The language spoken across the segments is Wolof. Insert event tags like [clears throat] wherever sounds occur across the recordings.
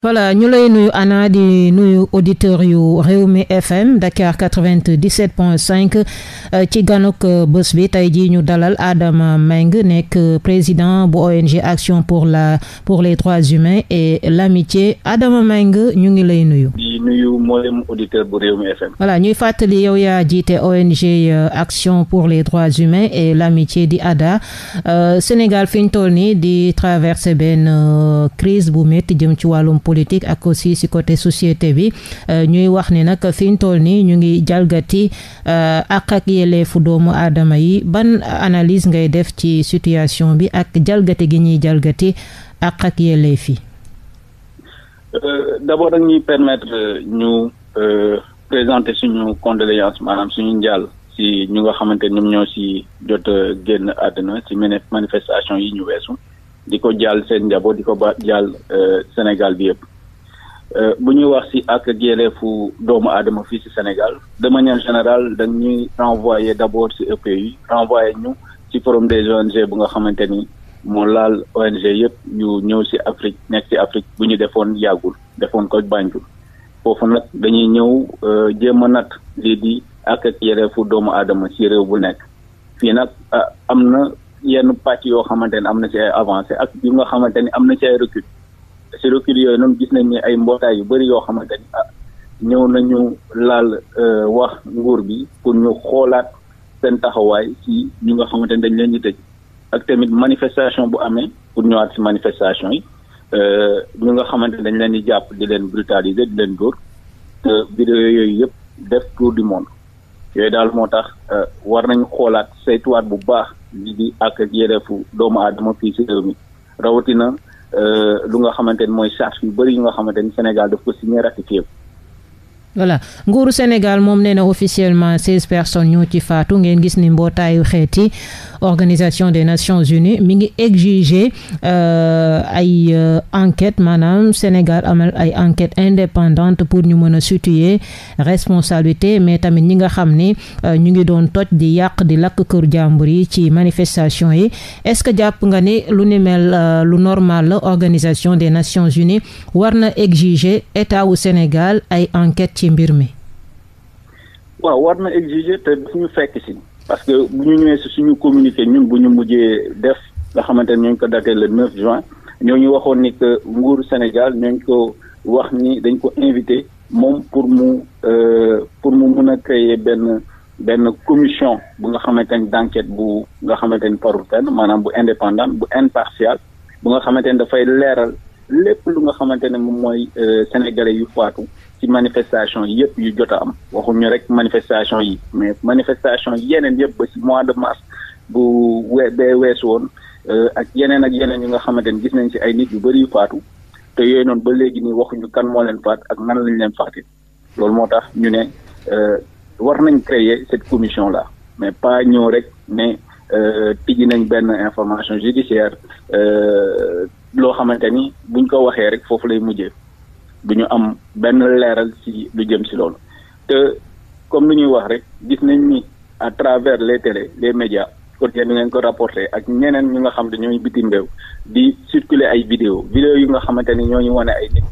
voilà ñu lay nuyu Anna di nuyu auditeurs yu Rewmi FM Dakar 97 point 5 euh, ci ganuk euh, bés bi tey jii ñu dalal Adama Mbengue nekk président bu ONG Action pour la pour les droits humains et l'amitié Adama Mbengue ñu ngi lay nuyu. di nuyu ñuy fàttali yow yaa jiite ONG euh, Action pour les droits humains et l'amitié di ADHA Sénégal fi ñu nii di traverse benn crise bu métti jëm ci wàllum. politique ak aussi si côté société bi euh, ñuy wax ni nag fi ñu toll nii ñu ngi jalgati ak euh, ak yelleefu doomu aadama yi ban analyse ngay def ci situation bi ak jalgati gi ñuy jalgati ak ak yelleef yi. Euh, d'abord ak ñuy permettre ñu présenter suñu condoléance maanaam suñu njàll si ñu nga xamante ñoom ñoo si jot génn àddina si manifestation yi ñu weesu. di ko jàll seen njaboot di ko ba jàll euh, Sénégal bi yëpp euh, bu ñuy wax si ak fu doomu aadama fii ci Sénégal de général générale dañ ñuy renvoyer d' abord si EPI renvoyer ñu si forum des ONG bu nga xamante ni moo laal ONG yëpp ñu ñëw si Afrique nekk si Afrique bu ñu defoon yàggul defoon ko Banjul foofu nag dañuy ñëw euh, jéem a nat lii di ak ak yelleefu doomu aadama ci réew bu nekk fii nag ah, am na. yenn pàcc yoo xamante ne am na ci ay avancé ak yu nga xamante ni am na ci ay recul si recul yooyu noonu gis nañ ni ay mbootaay yu bëri yoo xamante ni ah ñëw nañu laal euh, wax nguur bi pour ñu xoolaat seen taxawaay ci ñu nga xamante ni dañ leen di tëj ak tamit manifestation bu amee pour ñëwaat si manifestation yi euh, ñu nga xamante ni dañ leen di jàpp di leen brutaliser di leen dóor te vidéo yooyu yëpp def tour du monde yooyu daal moo tax euh, war nañu xoolaat saytuwaat bu baax li di ak yëreefu doomu aadama fii si réew mi rawatina euh, lu nga xamante ni mooy charte yu bëri yu nga xamante ni Sénégal daf ko signé ratifié voilà nguuru Sénégal moom nee na officiellement seize personnes ñoo ci faatu ngeen gis ni mbootaayu xeeti organisation des nations unies mi ngi exiger euh, ay euh, enquête maanaam Sénégal amal ay enquête indépendante pour ñu mën a situer responsabilité mais tamit ñi nga xam ni euh, ñu ngi doon toj di yàq di lakk kër jàmbur yi ci manifestation yi est-ce que jàpp nga ni lu ni mel lu normal la organisation des nations unies war na exiger état wu Sénégal ay enquête ci ci mbir mi. waaw war na exiger te bu ñu fekk si parce que bu ñu ñëwee si suñu communiqué ñun bu ñu mujjee def nga xamante ne ñu ko daté le 9 juin ñu waxoon ni que sénégal Sénégal ñooñu ko wax ni dañ ko invité moom pour mu euh, pour mu mun a créer benn benn commission bu nga xamante ni d'enquête bu nga xamante ni parul fenn maanaam bu indépendant bu impartial bu nga xamante ni dafay leeral lépp lu nga xamante ne moom mooy euh, sénégalais yu faatu ci manifestation yëpp yu jot a am waxuñu rek manifestation yi mais manifestation yeneen yëpp ba ci mois de mars bu we bee weesu woon euh, ak yeneen ak yeneen yu nga xamante ni gis nañ ci ay nit yu bëri yu faatu te yooyu noonu ba léegi nii waxuñu kan moo leen faat ak nan lañ leen faatee loolu moo tax ñu ne euh, war nañ créer cette commission la mais pas ñëw rek ne euh, tijji nañ benn information judiciaire loo xamante ni buñ ko waxee rek foofu lay mujjee. du ñu am benn leeral ci lu jëm ci loolu te comme lu ñuy wax rek gis nañ ni à travers les télé les médias côté ni ngeen ko rapporté ak ñeneen ñu nga xam te ñooñu bitim réew di circuler ay vidéo vidéo yu nga xamante ni ñu wane ay nit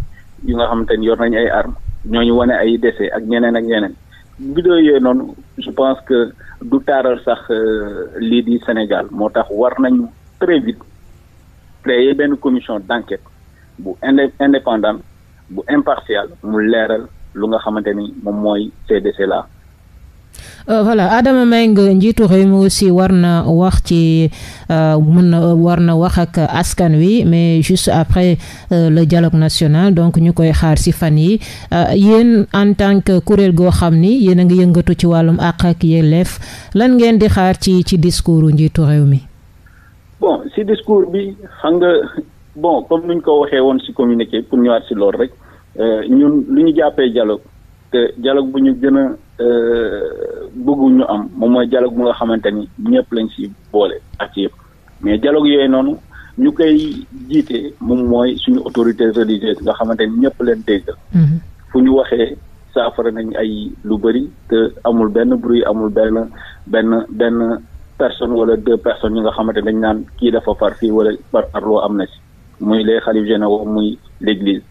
yu nga xamante ni yor nañu ay armes ñu wane ay décès ak ñeneen ak ñeneen vidéo yooyu noonu je pense que du taaral sax euh, lii di Sénégal moo tax war nañu très vite créer benn commission d'enquête bu indépendante bu impartial mu leeral lu nga xamante ni moom mooy ces décès là. Euh, voilà Adama Mbengue njiitu réew mi aussi war na wax ci euh, mun na war na wax ak askan wi mais juste après euh, le dialogue national donc ñu koy xaar ci fan yi euh, yéen en tant que kuréel goo xam ni yéen a ngi yëngatu ci wàllum àq ak yelleef lan ngeen di xaar ci ci discours njiitu réew mi. bon ci discours bi xam nga bon comme ñu ko waxee woon ci communiqué pour ñëwaat ci loolu rek euh, ñun lu ñu jàppee dialogue te dialogue bu ñu gën a euh, bëggu ñu am moom mooy dialogue bu nga xamante ni ñëpp lañ ci boole ak yëpp mais dialogue yooyu noonu ñu koy jiite moom mooy suñu autorité religieuse nga xamante ni ñëpp leen dégg. Mm-hmm. fu ñu waxee saafara nañ ay lu bëri te amul benn bruit amul benn benn benn personne wala deux personnes yi nga xamante dañ naan kii dafa far fii wala par parloo am na ci. muy les xalif généraux muy l'église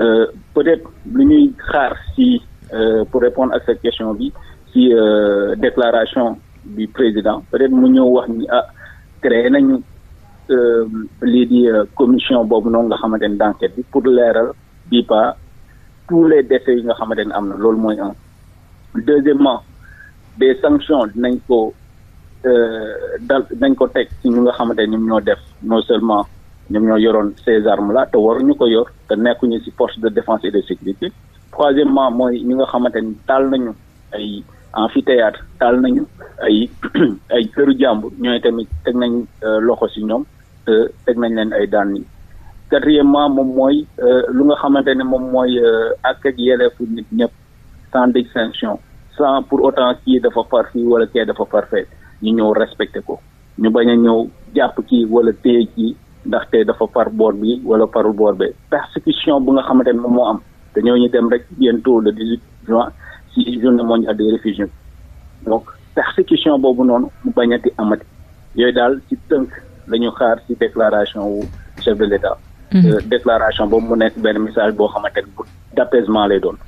euh, peut-être lu ñuy xaar si euh, pour répondre à cette question bi si euh, déclaration du président peut-être mu ñëw wax ni ah créé nañu lii di commission boobu noonu nga xamante ne d'enquête bi pour leeral bi pas tous les décès yi nga xamante ne am na loolu mooy un deuxièmement des sanctions dinañ ko dal dinañ ko teg si ñu nga xamante ni ñoo def non seulement ñoom ñoo yoroon ces armes là te waruñu ko yor te nekkuñu ci force de défense et de sécurité troisièmement mooy ñu nga xamante ni taal nañu ay amphithéâtre taal nañu ay [clears throat] ay këru jàmbur ñooy tamit teg nañ euh, loxo ci ñoom te teg nañ leen ay daan yi quatrièmement moom mooy euh, lu nga xamante ne moom mooy euh, ak ak yelleefu nit ñëpp sans distinction sans pour autant kii dafa far wala kii dafa far ñu ñëw respecté ko ñu bañ a ñëw jàpp kii wala téye kii ndaxte dafa far boor bi wala farul boor be persécution bu nga xamante ne moom moo am dañoo ñu dem rek bientôt le 18 juin ci journée mondiale des réfugiés donc persécution boobu noonu mu bañati amati yooyu daal ci tënk la xaar ci déclaration wu chef de l'État mhm. euh, déclaration boobu mu nekk benn message boo xamante ne bu d'apaisement lay doon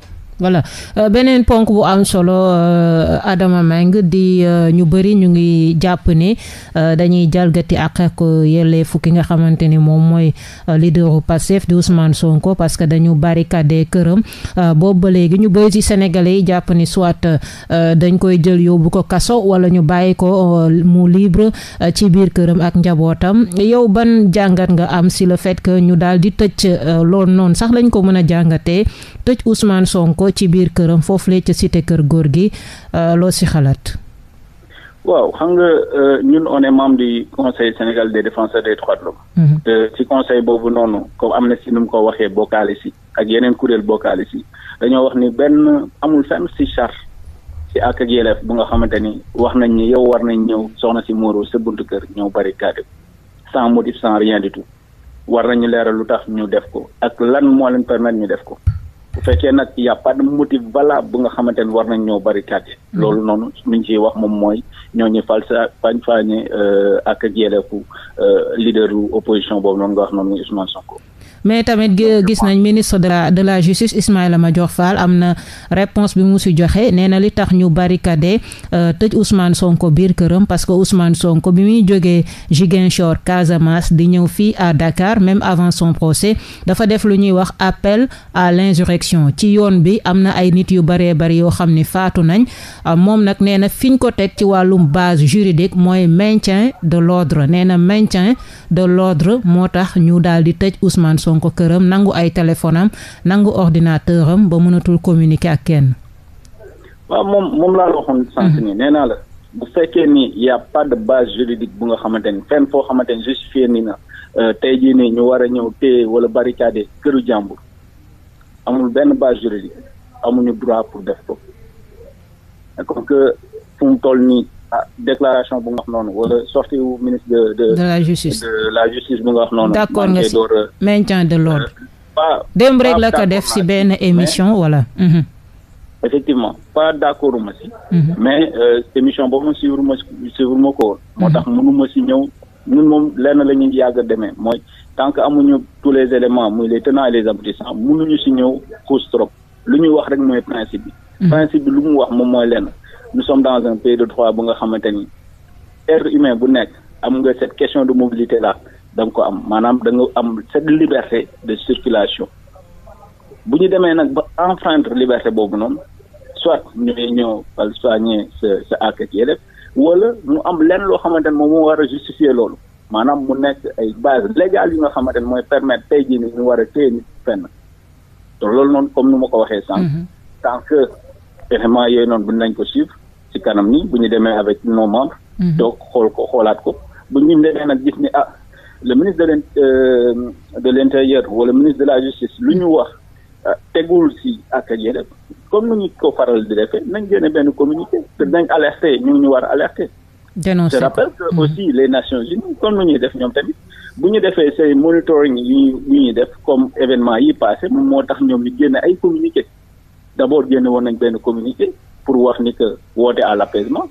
voilà euh, beneen ponk bu am solo euh, Adama Mbengue di euh, ñu bëri ñu ngi jàpp ni dañuy jalgati ak ak yelleefu ki nga xamante ni moom mooy leaderu Pastef di Ousmane Sonko parce que dañu kaddee këram boobu ba léegi ñu bëri ci sénégalais yi jàpp ni soit dañ koy jël yóbbu ko kaso wala ñu bàyyi ko mu libre ci biir këram ak njabootam yow ban jàngat nga am si le fait que ñu daal di tëj lool noonu sax lañ ko mën a jàngatee tëj Ousmane Sonko. ko ci biir këram foofu la ca te kër góor gi euh, loo si xalaat. waaw xam nga euh, ñun on est di conseil sénégal de défenseurs des droits de l'homme mm-hmm. euh, boobu noonu comme am na si nu mu ko waxee bokkaale si ak yeneen kuréel bokkaale si dañoo wax ni benn amul fenn si charte ak ak bu nga xamante ni wax nañ ni yow war nañ ñëw soxna si Moro sa kër ñëw barricade sans motif sans rien war nañu leeral lu tax ñu def ko ak lan moo leen permettre ñu def ko bu fekkee nag y' a pas de motif valable bu nga xamante ne war nañ ñoo bari quartier mm-hmm. loolu noonu li ñu ciy wax moom mooy ñoo ñu falsa fañ faañe euh, ak ak yelleefu euh, leaderu opposition boobu noonu nga wax noonu Ousmane Sonko. mais tamit gis nañ ministre de la de la justice Ismaïla Madior am na réponse bi mu si joxe nee na li tax ñu barricade euh, tëj Ousmane Sonko biir këram parce que Ousmane Sonko bi muy jógee Ziguinchor Casamance di ñëw fii à Dakar même avant son procès dafa def lu ñuy wax appel à l'insurrection ci yoon bi am na ay nit yu bëree bëri yoo xam ni faatu nañ euh, moom nag nee na fi ko teg ci wàllum base juridique mooy maintien de l'ordre nee na maintien de l'ordre moo tax Ousmane Sonko këram nangu ay téléphone nangu ordinateur am ba mënatul communiquer ak kenn. waaw moom moom laa la waxoon sànq mhm. nii nee naa la bu fekkee ni y' a pas de base juridique bu nga xamante ni fenn foo xamante ni justifié ni na euh, tey jii nii ñu war a ñëw téye wala barricade këru jàmbur amul benn base juridique amuñu droit pour def ko comme euh, toll nii Ah, déclaration bu nga wax noonu wala sortie wu ministre de de. de la justice de la justice bu nga wax noonu. d'accord nga si maintien de l'ordre euh, pas rek la ko def si benn émission wala mhm. effectivement pas d'accord ma si. Mhm. mais euh, émission boobu ma suivre ma suivre ma ko woon. Mhm. moo tax mënu ma si ñëw ñun moom lenn la ñuy yàgg a demee mooy tant que amuñu tous les éléments muy les tenants et les aboutissants mënuñu si ñëw cause trop lu ñuy wax rek mooy principe bi. principe bi lu mu wax moom mooy lenn. nous sommes dans un pays de droit bu nga xamante ni être humain bu nekk am nga cette question de mobilité là da nga ko am maanaam da nga am cette liberté de circulation bu ñu demee nag ba enfreindre liberté boobu noonu soit ñooy ñëw wala soigner sa sa àq ak wala mu am lenn loo xamante ne moom moo war a justifier loolu maanaam mu nekk ay base légale yu nga xamante ne mooy permettre tey jii ni ñu war a téye nit fenn te loolu noonu comme nu ma ko waxee sànq mm-hmm. tant que éléments yooyu noonu bu nañ ko suivre ci kanam ni bu ñu demee avec nos membres. donc mhm. xool ko xoolaat ko bu ñu demee nag gis ni ah le ministre de l' euh, de l' intérieur wala ministre de la justice lu ñu wax ah, tegul si ak ak yéen comme ni ñu ko faral di defee nañ génne benn communiqué te nañ alerter ñu ñu war a alerter. dénoncer je rappelle que mhm. aussi les Nations Unies comme ni ñuy def ñoom tamit. bu ñu defee say monitoring yi ñuy def comme événement yi passé moo tax ñoom li génn ay communiqué d' abord génn nañ benn communiqué pour wax ni que woote à l' apaisement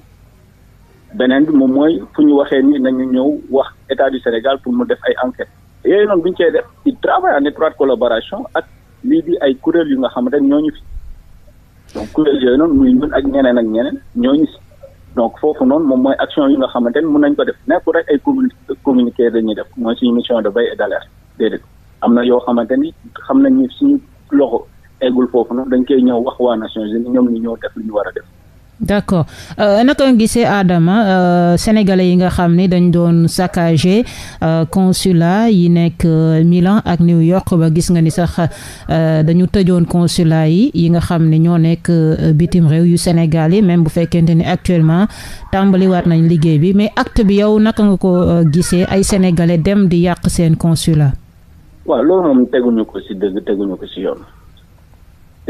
beneen bi moom mooy fu ñu waxee ni nañu ñëw wax état du Sénégal pour mu def ay enquêtes yooyu noonu bu ñu def il travaille en étroite collaboration ak lii bi ay kuréel yu nga xam ne ñooñu fi donc kuréel yooyu noonu muy ak ñeneen ak ñeneen ñooñu si donc foofu noonu moom mooy action yu nga xamante ne mën nañ ko def nekkul rek ay communi communiqué dañuy def mooy suñu mission de veille et d' alerte déedéet am na yoo xamante ni xam nañu ni suñu loxo. eggul foofu noonu dañ koy ñëw wax waa Nations Unies ñoom ñu ñëw def li war a def. d' accord euh, naka nga gisee aadama euh, sénégalais yi nga xam ne dañ doon saccagé euh, yi nekk euh, Milan ak New York ba gis nga ni sax euh, dañu tëjoon consulat yi yi nga xam ne ñoo nekk euh, bitim réew yu Sénégal yi même bu fekkente ni actuellement tàmbaliwaat nañ liggéey bi mais acte bi yow naka nga ko gisee ay sénégalais dem di yàq seen consulat. waaw loolu moom teguñu ko ci dëgg teguñu ko ci yoon.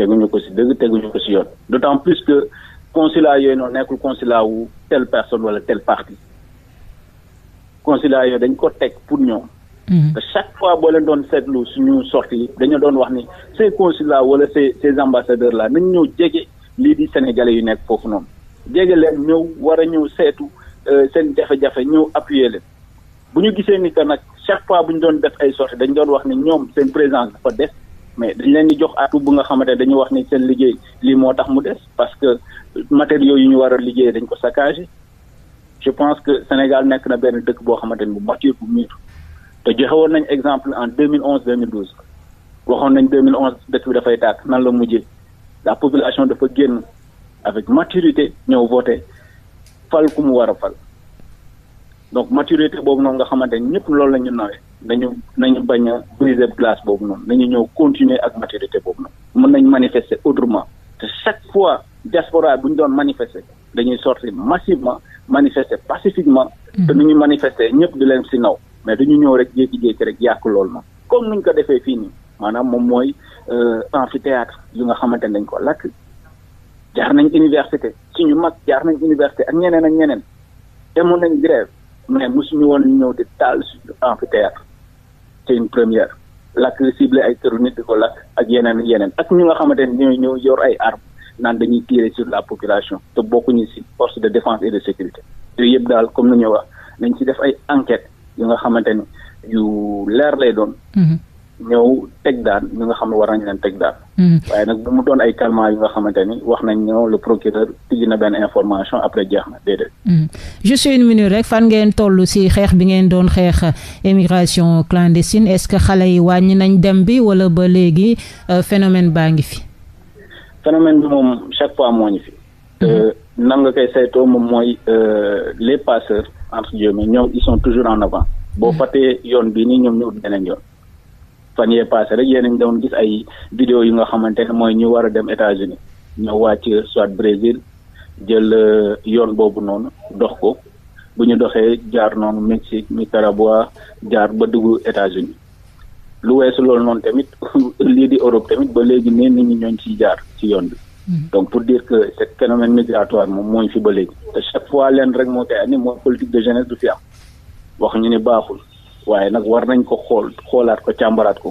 ñu ko si dëgg teguñu ko si yoon d'autant plus que consulat yooyu noonu nekkul consulat wu telle personne wala telle partie consulat yooyu dañ ko teg pour ñoom te mm-hmm. chaque fois boo leen doon seetlu suñu sorti dañu doon wax ni ces consulats wala ces ces ambassadeurs la nañ ñëw jege lii di sénégalais yu nekk foofu noonu jege leen ñëw war a ñëw seetu euh, seen jafe-jafe ñëw appuyer leen bu ñu gisee ni que nag chaque fois bu ñu doon def ay sorti dañu doon wax ni ñoom seen présence dafa def mais dañ leen di jox atu bu nga xamante ne dañu wax ni seen liggéey lii moo tax mu des parce que matériaux yu ñu war a liggéey dañ ko saccagé je pense que Sénégal nekk na benn dëkk boo xamante ne bu mature bu miir te joxe nañ exemple en 2011 2012 waxoon nañ 2011 dëkk bi dafay tàkk nan la mujjee la population dafa génn avec maturité ñëw voté fal ku mu war a fal donc maturité boobu noonu nga xamante ne ñëpp loolu la ñu nawee nañu nañu bañ a briser glace boobu noonu nañu ñëw continuer ak maturité boobu noonu mën nañ manifester autrement te chaque fois diaspora bu ñu doon manifester dañuy sortir massivement manifester pacifiquement mm. te nu ñu manifester ñëpp di leen si naw mais dañu ñëw rek jékki-jékki rek yàq loolu ma comme nuñ ko defee fii nii maanaam moom mooy euh, amphithéâtre yu nga xamante dañ ko lakk jaar nañ université ñu mag jaar nañ université ak ñeneen ak ñeneen mun nañ grève mais suñu woon ñu ñëw di taal suñu amphithéâtre c'est une première lakk ciblé ay këru nit di ko lakk ak yeneen yeneen ak ñu nga xamante ne ñooy ñëw yor ay armes naan dañuy tirer sur la population te bokkuñu ci force de défense et de sécurité yooyu yëpp daal comme ni ñu wax nañ ci def ay enquêtes yu nga xamante ni yu leer lay doon. Mhm. ñëw teg daan ñu nga xam ne war nañ leen teg daan. Hmm. waaye nag bu mu doon ay calmants yu nga xamante ni wax nañ ñoo lu procureur tijji na benn information après jeex na déedéet. Hmm. juste une ni rek fan ngeen toll ci xeex bi ngeen doon xeex immigration clandestine est-ce que xale yi wàññi nañ dem bi wala ba léegi euh, phénomène baa ngi fi. phénomène bi moom chaque fois moo ñu fi. Hmm. Euh, nan nga koy saytoo moom mooy euh, les passeurs entre guillemets ñoom ils sont toujours en avant. boo fàttee yoon bii nii ñoom ñëwul beneen fan yee passé rek yéen a doon gis ay vidéo yu nga xamante ne mooy ñu war a dem États-Unis ñoo wàcc soit Brésil jël euh, yoon boobu noonu dox ko bu ñu doxee jaar noonu Mexique Nicaragua jaar ba dugg États-Unis lu weesu lool noonu tamit [laughs] lii di Europe tamit ba léegi nee nit ñi ñooñ ciy jaar ci yoon bi hmm. donc pour dire que ce phénomène migratoire moom mooy fi ba léegi chaque fois leen rek moo koy andi mooy politique de jeunesse du fi am wax ñu ne baaxul waaye nag war nañ ko xool xoolaat ko càmbaraat ko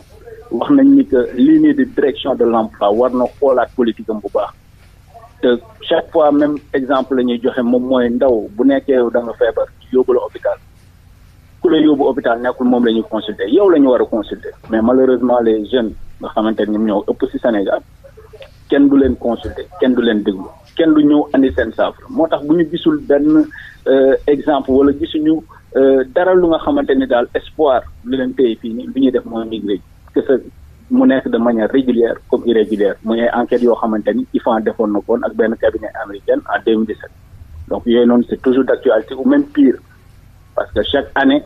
wax nañ ni que ligne de direction de l'emploi war na xoolaat politique am bu baax te chaque fois même exemple la ñuy joxe moom mooy ndaw bu nekkee yow feebar yóbbu la hôpital ku la yóbbu hôpital nekkul moom la ñuy consulter yow la ñu war a consulter mais malheureusement les jeunes nga xamante ni ñoom ñoo ëpp ci Sénégal kenn du leen consulter kenn du leen déglu kenn du ñëw andi seen saafara moo tax bu ñu gisul benn euh, exemple wala gisuñu. Euh, dara lu nga xamante ni daal espoir lu leen téye fii nii lu ñuy def mooy migré que ce mu nekk de manière régulière comme irrégulière muy ay enquêtes yoo xamante ni IFAN defoon na koon ak benn cabinet américain en 2017 donc yooyu noonu c'est toujours d'actualité ou même pire parce que chaque année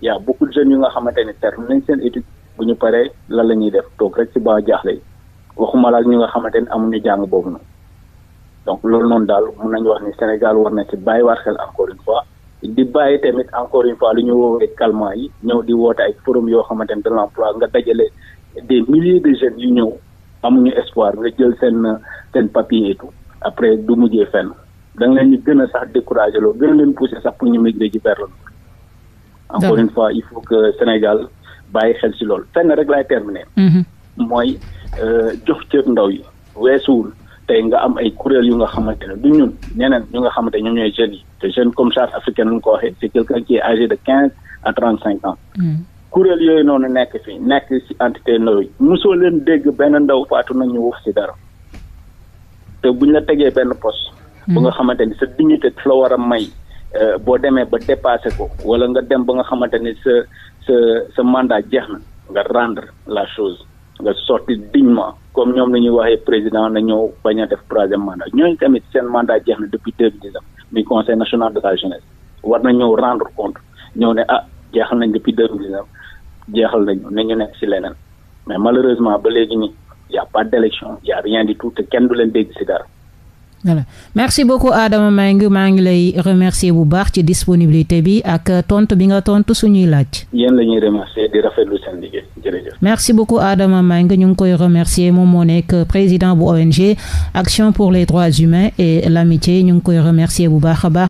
y a beaucoup de jeunes yu nga xamante ni terme nañ seen étude bu ñu paree lan la ñuy def toog rek ci ba jaaxle yi waxuma laal ñu nga xamante ni amuñu jàng boobu noonu donc loolu noonu daal mun nañu wax ni Sénégal war na ci bàyyiwaat xel encore une fois di bàyyi tamit encore une fois lu ñu woowee calmant yi ñëw di woote ay forum yoo xamante ne de l'emploi nga dajale des milliers de jeunes yu ñëw amuñu espoir nga jël seen seen après du mujjee fenn da nga leen ñu gën a sax découragé loo gën a leen poussé sax pour ñu migrer ji vers le nord encore une fois il faut que Sénégal bàyyi xel si loolu fenn rek laay terminer mhm. mooy euh, jox cër ndaw yi weesuwul tey nga am ay kuréel yu nga xamante ne du ñun ñeneen ñu nga xamante ñoom ñooy jeunes yi te jeune comme charte africaine lu ñu ko waxee c'est quelqu'un qui est âgé de quinze à trente cinq ans mm. kuréel yooyu noonu nekk fi nekk ci entité ndaw yi mosoo leen dégg benn ndaw faatu nañu wax ci dara te buñ la tegee benn poste bu nga mm. xamante ni sa dignité la war a may euh, boo demee ba dépassé ko wala nga dem ba nga xamante ni sa sa sa mandat jeex na nga rendre la chose nga sorti dignement comme ñoom la ñuy waxee président na ñëw bañ a def troisième mandat ñooñu tamit seen mandat jeex na depuis deux mille dix conseil national de la jeunesse war na ñëw rendre compte ñëw ne ah jeexal nañ depuis deux mille dix neuf jeexal nañu ne ñu nekk ci leneen mais malheureusement ba léegi nii y' a pas d' élection y' a rien du tout te kenn du leen dégg ci dara. voilà merci beaucoup Adama Mbengue maa ngi lay remercier bu baax ci disponibilité bi ak tontu bi nga tontu suñuy laaj. yéen la ñuy di rafetlu seen liggéey merci beaucoup Adama Mbengue ñu ngi koy remercier moom moo nekk président bu ONG Action pour les droits humains et l'amitié ñu ngi koy remercier bu baax a baax.